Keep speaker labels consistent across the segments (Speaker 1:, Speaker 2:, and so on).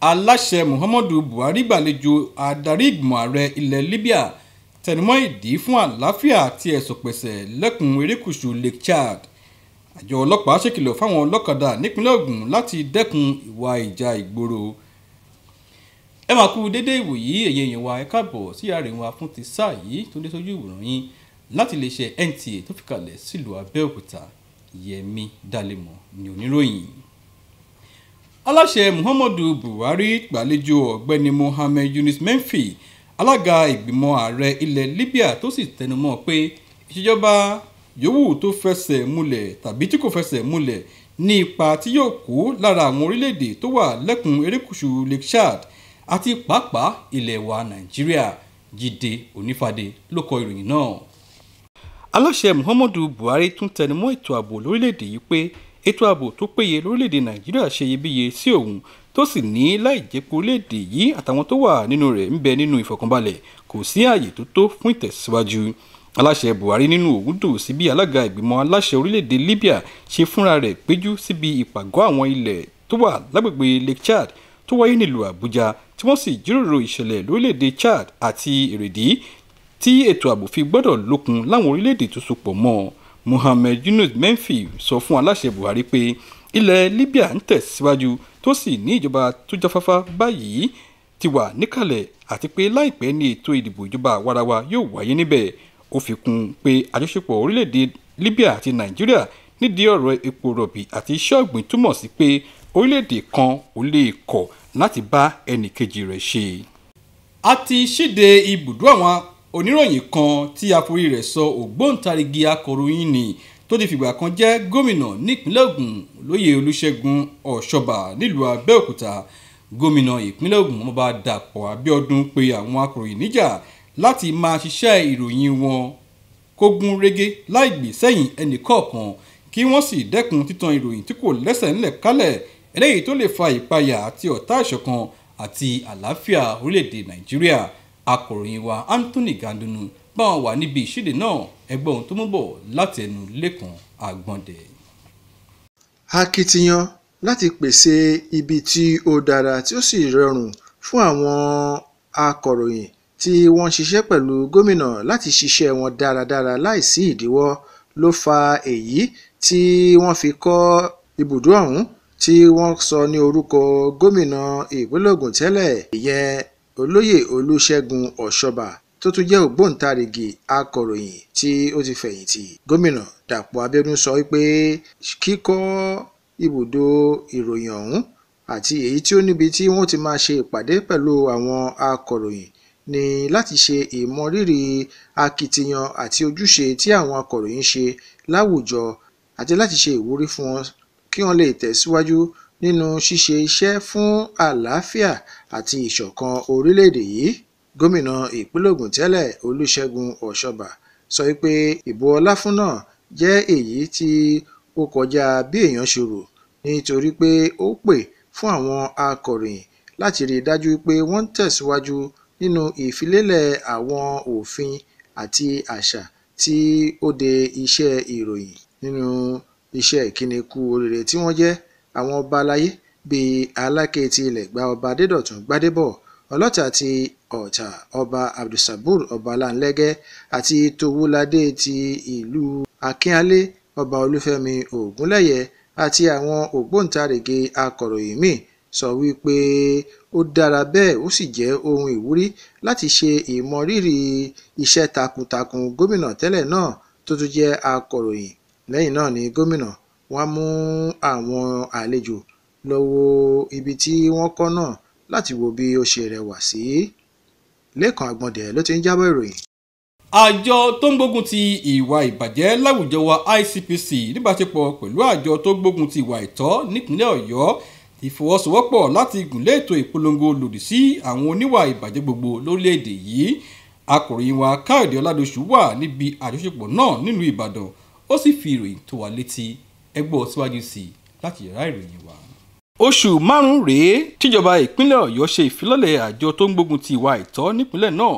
Speaker 1: aláṣẹ muhammadu buhari gbàlejò adarí ìgbìmọ̀ ààrẹ ilẹ̀ libya tẹnumọ́ ìdí fún àlàáfíà àti ẹ̀sùn pẹ̀sẹ̀ lẹ́kùn erékùṣù lake chad àjọ ọlọ́pàá ṣèkìlọ̀ fáwọn ọlọ́kadà nípínlẹ̀ ògùn láti dẹ́kun ìwà ìjà ìgboro ẹ máa kú dédé ìwòyí èyí èèyàn wa ẹ káàbọ̀ sí ààrẹ wa fún ti sáà yìí tó dé sójú ìwòran yín láti lè ṣe nta tó fi kalẹ̀ sílùú abẹ́òkúta yẹmi dalẹ́mọ̀ ni oníròyìn aláṣẹ muhammadu buhari gbàlejò ọ̀gbẹ́ni mohammed yunus menfi alága ìgbìmọ̀ ààrẹ ilẹ̀ libya tó sì tẹnumọ́ pé ìṣèjọba yòówù tó fẹsẹ̀ múlẹ̀ tàbí tí kò fẹsẹ̀ múlẹ̀ ní ipa tí yóò kó lára àwọn orílẹ̀-èdè tó wà lẹ́kùn erékùṣù lake chad àti pàápàá ilẹ̀ wa nàìjíríà jíde onífàdé ló kọ ìròyìn náà aláṣẹ muhammadu buhari tún tẹnumọ́ ètò ààbò lórílẹ̀-èdè yìí pé ètò ààbò tó péye lórílẹ̀‐èdè nàìjíríà ṣe iyebíye sí òun tó sì ní láì jẹ́ pé orílẹ̀‐èdè yìí àtàwọn tó wà nínú rẹ̀ ń bẹ nínú ìfọ̀kànbalẹ̀ kò sí ààyè tó tó fún ìtẹ̀síwájú aláṣẹ buhari nínú òwúdù sí bí alága ìgbìmọ̀ aláṣẹ orílẹ̀‐èdè libya ṣe fúnra rẹ̀ péjú síbi ìpàgọ́ àwọn ilẹ̀ tó wà lágbègbè lake chad tó wáyé nílùú àbújá tí wọ́n sì jíròrò ìṣẹ̀lẹ̀ lórílẹ̀‐èdè chad àti èrèdí tí ètò ààbò fi gbọ́dọ̀ lókun láwọn orílẹ̀‐èdè tó so pọ̀ mọ́ ọ Mohammed Yunus Menfi sọ fún aláṣẹ Buhari pé ilẹ̀ Libya ń tẹ̀síwájú tó sì ní ìjọba tó jáfáfá báyìí ti wà níkàlẹ̀ àti pé láìpẹ́ ní ètò ìdìbò ìjọba àwarawa yóò wáyé níbẹ̀ ó fi kún un pé àjọṣepọ̀ orílẹ̀-èdè Libya àti Nàìjíríà nídìí ọ̀rọ̀ epo rọ̀bì àti iṣẹ́ ọ̀gbìn túmọ̀ sí pé orílẹ̀-èdè kan ò lè kọ̀ láti bá ẹnìkejì rẹ̀ ṣe. a ti ṣíde ibùdó àwọn oníròyìn kan tí àforí rẹ̀ sọ ògbóǹtarigi akọ̀ròyìn ni tó ti fìgbà kan jẹ́ gómìnà nípínlẹ̀ Ògùn lóyè Olúṣẹ́gun Ọ̀ṣọ́bà nílùú Abẹ́òkúta gómìnà ìpínlẹ̀ Ògùn ọmọọba Dàpọ̀ Abíọ́dún pé àwọn akọ̀ròyìn níjà láti máa ṣiṣẹ́ ìròyìn wọn kó gún régé láì gbè sẹ́yìn ẹnì kọ̀ọ̀kan kí wọ́n sì dẹ́kun títan ìròyìn tí kò lẹ́sẹ̀ ńlẹ̀ kálẹ̀ eléyìí tó lè fa ìpayà àti ọ̀tá ìṣọ̀kan àti àlàáfíà orílẹ̀-èdè Nàìjíríà akọ̀ròyìn wa Anthony Gandunu bá wọn wà níbi ìṣíde náà ẹgbẹ́ ohun tó mú bọ̀ láti ẹnu Lẹ́kan Àgbọ̀ndẹ̀.
Speaker 2: akitiyan láti pèsè ibi tí ó dára tí ó sì rọrùn fún àwọn akọ̀ròyìn tí wọ́n ṣiṣẹ́ pẹ̀lú gómìnà láti ṣiṣẹ́ wọn dáradára láìsí ìdíwọ́ ló fa èyí tí wọ́n fi kọ́ ibùdó ọ̀hún tí wọ́n sọ ní orúkọ gómìnà ìpínlẹ̀ Ògùn tẹ́lẹ̀ ìyẹn olóyè olùṣègùn ọ̀ṣọ́bà tó tún jẹ́ ògbóǹtarìgì akọ̀ròyìn tí ó ti fẹ̀yìntì gómìnà dàpọ̀ abẹ́dún sọ wípé kíkọ́ ibùdó ìròyìn ọ̀hún àti èyí tí ó níbi tí wọ́n ti máa ṣe ìpàdé pẹ̀lú àwọn akọ̀ròyìn ni láti ṣe ìmọrírì akitiyan àti ojúṣe tí àwọn akọ̀ròyìn ṣe láwùjọ àti láti ṣe ìwúrí fún wọn kí wọ́n lè tẹ̀síwájú nínú ṣíṣe iṣẹ́ fún àlàáfíà àti ìṣọ̀kan orílẹ̀-èdè yìí. Gómìnà ìpínlẹ̀ Ògùn tẹ́lẹ̀ Olúṣẹ́gun Ọ̀ṣọ́bà sọ wípé ìbò Ọláfún náà jẹ́ èyí tí ó kọjá bí èèyàn ṣe rò nítorí pé ó pè fún àwọn akọ̀ròyìn láti rí i dájú pé wọ́n ń tẹ̀síwájú nínú ìfilélẹ̀ àwọn òfin àti àṣà tí ó de iṣẹ́ ìròyìn nínú iṣẹ́ ìkíni kú oríire tí wọ́n jẹ́ àwọn ọba aláyé bíi aláké ti ilẹ̀ gba ọba adédọ̀tún gbádébọ̀ ọlọ́tà ti ọ̀tà ọba abdulsabur ọba láńlẹ́gẹ́ àti towúladé ti ìlú akínálé ọba olúfẹ́mi ògúnlẹ̀yẹ àti àwọn ògbóǹtarìgì akọ̀ròyìn míì sọ wípé ó dára bẹ́ẹ̀ ó sì jẹ́ ohun ìwúrí láti ṣe ìmọrírì iṣẹ́ takuntakun gómìnà tẹ́lẹ̀ náà tó tún jẹ́ akọ̀ròyìn lẹ́yìn náà ni gómìnà wọ́n mú àwọn àlejò lọ wo ibi tí wọ́n kọ́ náà láti wo bí ó ṣe rẹwà sí. Lékan Àgbọ̀ndẹ̀ ló ti ń jábọ̀ ìròyìn. Àjọ tó ń gbógun ti ìwà ìbàjẹ́ láwùjọ wa ICPC
Speaker 1: níbàṣepọ̀ pẹ̀lú àjọ tó gbógun ti ìwà ìtọ́ nípínlẹ̀ Ọ̀yọ́ ti fọwọ́sowọ́pọ̀ láti gùnlé ètò ìpolongo lòdì sí àwọn oníwà ìbàjẹ́ gbogbo lórílẹ̀‐èdè yìí akọ̀ròyìn wa Káyọ̀dé Ọládọ̀ṣù wà níbi àjọṣepọ̀ náà nílùú Ìbàdàn ó sì fi ìròyìn tó wà létí ẹ gbọ́ síwájú sí i láti yàrá ìròyìn wa. oṣù márùn-ún rèé tíjọba ìpínlẹ̀ ọ̀yọ́ ṣe ìfilọ́lẹ̀ àjọ tó ń gbógun ti ìwà àìtọ́ nípínlẹ̀ náà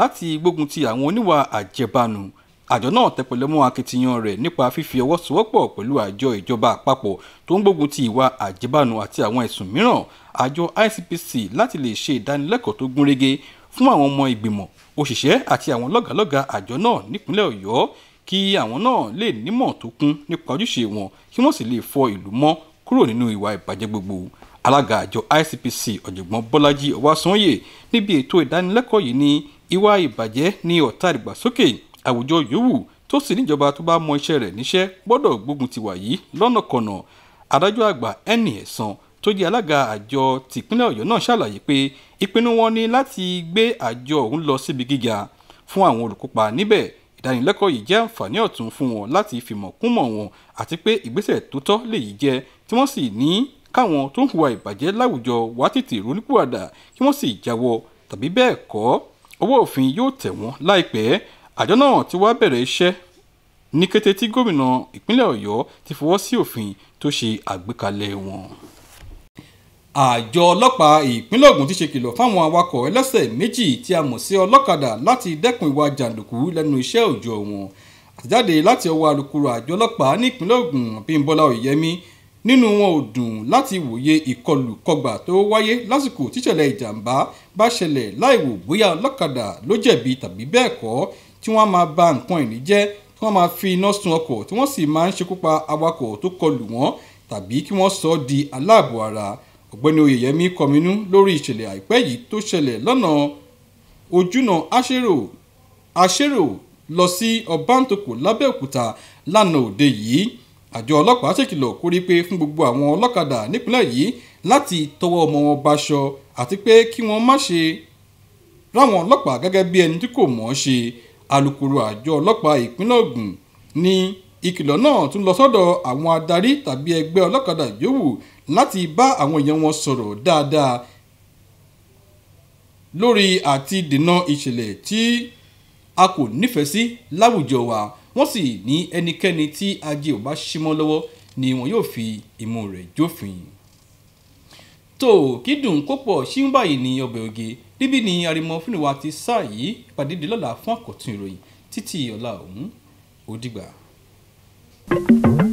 Speaker 1: láti gbógun ti àwọn oníwà àjẹbánu àjọ náà tẹpẹlẹ mọ́ akitiyan rẹ̀ nípa fífi ọwọ́ sowọ́pọ̀ pẹ̀lú àjọ ìjọba àpapọ̀ tó ń gbógun ti ìwà àjẹbánu àti àwọn ẹ̀sùn mìíràn àjọ ICPC láti lè ṣe ìdánilẹ́kọ̀ọ́ tó gúnrégé fún àwọn ọmọ ìgbìmọ̀ òṣìṣẹ́ àti àwọn lọ́gàlọ́gà àjọ náà nípínlẹ̀ ọ̀yọ́ kí àwọn náà lè nímọ̀ tó kún nípa ojúṣe wọn kí wọ́n sì lè fọ ìlú mọ́ kúrò nínú ìwà ìbàjẹ́ gbogbo alága àjọ ICPC ọ̀jọ̀gbọ́n Bọ́lájí Ọwásanyè níbi ètò ìdánilẹ́kọ̀ọ́ yìí ní ìwà ìbàjẹ́ ní ọ̀tá ìdàgbàsókè àwùjọ yòówù tó sì níjọba tó bá mọ iṣẹ́ rẹ̀ níṣẹ́ gbọ́dọ̀ gbógun ti wà yìí lọ́nàkọ̀nà adájọ́ àgbà ẹnì ẹ̀sán tó jẹ́ alága àjọ tìpínlẹ̀ Ọ̀yọ́ náà ṣàlàyé pé ìpinnu wọn ni láti gbé àjọ òun lọ síbi gíga fún àwọn olùkópa níbẹ̀ ìdánilẹ́kọ̀ọ́ yìí jẹ́ àǹfààní ọ̀tún fún wọn láti fìmọ̀ kúnmọ̀ wọn àti pé ìgbésẹ̀ tó tọ́ lèyí jẹ́ tí wọ́n sì ní káwọn tó ń hùwà ìbàjẹ́ láwùjọ wá tètè ronúpìwàdà kí wọ́n sì jáwọ́ tàbí bẹ́ẹ̀ kọ́ ọwọ́ òfin yóò tẹ̀ wọ́n láìpẹ́ àjọ náà ti wá bẹ̀rẹ̀ iṣẹ́ ní kété tí gómìnà ìpínlẹ̀ ọ̀yọ́ ti fọwọ́ sí òfin tó ṣe àgbékalẹ̀ wọn àjọ ọlọ́pàá ìpínlẹ̀ Ògùn ti ṣe kìlọ̀ fáwọn awakọ̀ ẹlẹ́sẹ̀ méjì tí a mọ̀ sí ọlọ́kadà láti dẹ́kun ìwà jàǹdùkú lẹ́nu iṣẹ́ òòjọ́ wọn àtẹ̀jáde láti ọwọ́ alukoro àjọ ọlọ́pàá ní ìpínlẹ̀ Ògùn Abímbọ́lá Oyèyẹmí nínú wọn ò dùn láti wòye ìkọlù kọgbà tó wáyé lásìkò tíṣẹ̀lẹ̀ ìjàmbá bá ṣẹlẹ̀ láìwò bóyá ọlọ́kadà ló jẹ̀bi tàbí bẹ́ẹ̀ kọ́ tí wọ́n máa ba nǹkan ìní jẹ́ tí wọ́n máa fi iná sun ọkọ̀ tí wọ́n sì máa ń ṣekúpa awakọ̀ tó kọlù wọn tàbí kí wọ́n sọ ọ́ di aláàbò ara ọ̀gbẹ́ni oyèyẹmí kọminú lórí ìṣẹ̀lẹ̀ àìpẹ́ yìí tó ṣẹlẹ̀ lọ́nà ojúnà aṣérò aṣérò lọ sí ọbántòkò lábẹ́òkúta lánàá òde yìí àjọ ọlọ́pàá ṣèkìlọ̀ kórí pé fún gbogbo àwọn ọlọ́kadà nípínlẹ̀ yìí láti tọwọ́ ọmọ wọn baṣọ àti pé kí wọ́n má ṣe ráwọn ọlọ́pàá gẹ́gẹ́ bí ẹni tí kò mọ̀ ọ́ ṣe alukoro àjọ ọlọ́pàá ìpínlẹ̀ Ògùn ní ìkìlọ̀ náà tún lọ sọ́dọ̀ àwọn adarí tàbí ẹgbẹ́ ọlọ́kadà yòówù láti bá àwọn èèyàn wọn sọ̀rọ̀ dáadáa lórí àti dènà ìṣẹ̀lẹ̀ tí a kò nífẹ̀ẹ́ sí láwùjọ wa wọ́n sì ní ẹnikẹ́ni tí ajé ò bá símọ́ lọ́wọ́ ni wọn yóò fi ìmú rẹ̀ jófin. tó kídùn kópọ̀ ṣíún báyìí ní ọbẹ̀ oge níbí ni arimọ fúnìwá ti sáà yìí ìpàdé di lọ́la fún àkọ́tún ìròyìn títí ọ̀la ọ̀hún ó dìgbà. thank you